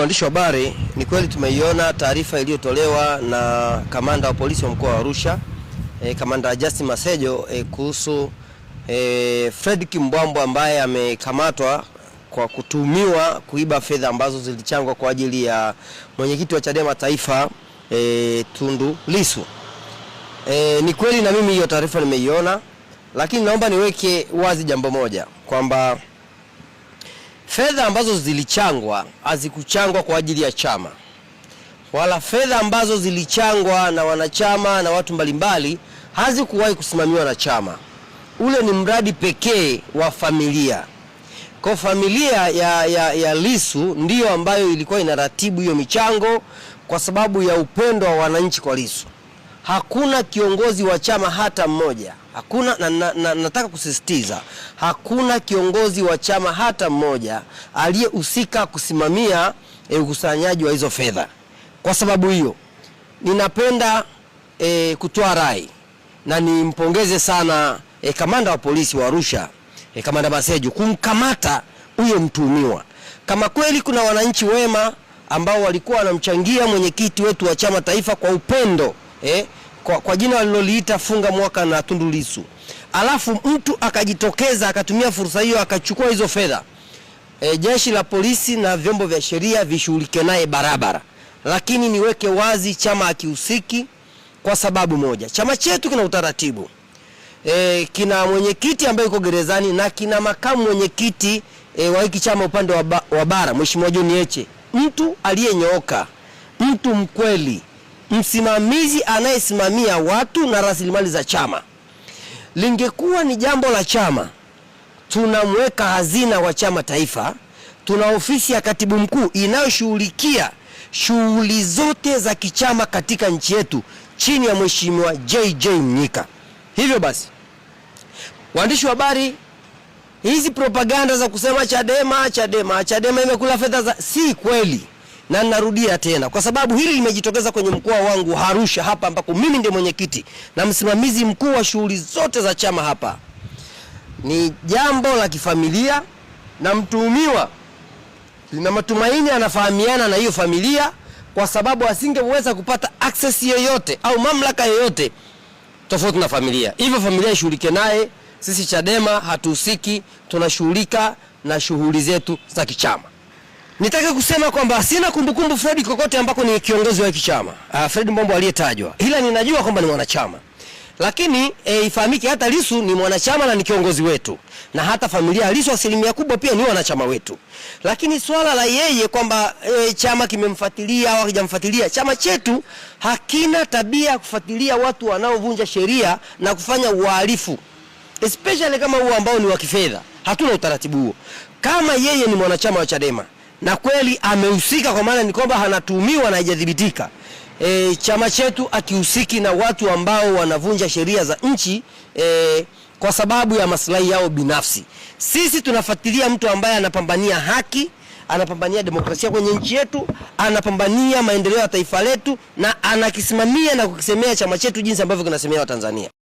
waandishi wa habari, ni kweli tumeiona taarifa iliyotolewa na kamanda wa polisi wa mkoa wa Arusha e, kamanda Justin Masejo e, kuhusu e, Fred Kimbwambo ambaye amekamatwa kwa kutumiwa kuiba fedha ambazo zilichangwa kwa ajili ya mwenyekiti wa Chadema Taifa e, Tundu Lissu. E, ni kweli na mimi hiyo taarifa nimeiona, lakini naomba niweke wazi jambo moja kwamba Fedha ambazo zilichangwa hazikuchangwa kwa ajili ya chama, wala fedha ambazo zilichangwa na wanachama na watu mbalimbali hazikuwahi kusimamiwa na chama. Ule ni mradi pekee wa familia. Kwa familia ya, ya, ya Lissu ndiyo ambayo ilikuwa inaratibu hiyo michango kwa sababu ya upendo wa wananchi kwa Lissu. Hakuna kiongozi wa chama hata mmoja Hakuna na, na, na, nataka kusisitiza hakuna kiongozi wa chama hata mmoja aliyehusika kusimamia eh, ukusanyaji wa hizo fedha. Kwa sababu hiyo ninapenda e, kutoa rai na nimpongeze sana e, kamanda wa polisi wa Arusha e, kamanda Maseju kumkamata huyo mtuhumiwa. Kama kweli kuna wananchi wema ambao walikuwa wanamchangia mwenyekiti wetu wa chama taifa kwa upendo eh, kwa, kwa jina waliloliita funga mwaka na Tundu Lissu, alafu mtu akajitokeza akatumia fursa hiyo akachukua hizo fedha e, jeshi la polisi na vyombo vya sheria vishughulike naye barabara, lakini niweke wazi, chama akihusiki kwa sababu moja, chama chetu kina utaratibu e, kina mwenyekiti ambaye yuko gerezani na kina makamu mwenyekiti e, wa hiki chama upande wa bara, Mheshimiwa John Heche, mtu aliyenyooka, mtu mkweli msimamizi anayesimamia watu na rasilimali za chama. Lingekuwa ni jambo la chama, tunamweka hazina wa chama taifa, tuna ofisi ya katibu mkuu inayoshughulikia shughuli zote za kichama katika nchi yetu chini ya mheshimiwa JJ Mnyika. Hivyo basi, waandishi wa habari, hizi propaganda za kusema Chadema Chadema Chadema imekula fedha za, si kweli na narudia tena, kwa sababu hili limejitokeza kwenye mkoa wangu Arusha hapa, ambapo mimi ndiye mwenyekiti na msimamizi mkuu wa shughuli zote za chama hapa. Ni jambo la kifamilia, na mtuhumiwa lina matumaini anafahamiana na hiyo familia, kwa sababu asingeweza kupata access yoyote au mamlaka yoyote tofauti na familia. Hivyo familia ishughulike naye. Sisi Chadema hatuhusiki, tunashughulika na shughuli zetu za kichama. Nitaka kusema kwamba sina kumbukumbu Fred kokote ambako ni kiongozi wa hiki chama uh, ah, Fred Mbombo aliyetajwa, ila ninajua kwamba ni mwanachama lakini e, eh, ifahamike hata Lisu ni mwanachama na ni kiongozi wetu, na hata familia ya Lisu asilimia kubwa pia ni wanachama wetu. Lakini swala la yeye kwamba e, chama kimemfuatilia au hakijamfuatilia, chama chetu hakina tabia ya kufuatilia watu wanaovunja sheria na kufanya uhalifu, especially kama huo ambao ni wa kifedha. Hatuna utaratibu huo. Kama yeye ni mwanachama wa Chadema na kweli amehusika, kwa maana ni kwamba anatuhumiwa na haijathibitika. E, chama chetu akihusiki na watu ambao wanavunja sheria za nchi e, kwa sababu ya maslahi yao binafsi. Sisi tunafuatilia mtu ambaye anapambania haki, anapambania demokrasia kwenye nchi yetu, anapambania maendeleo ya taifa letu na anakisimamia na kukisemea chama chetu jinsi ambavyo kinasemea Watanzania.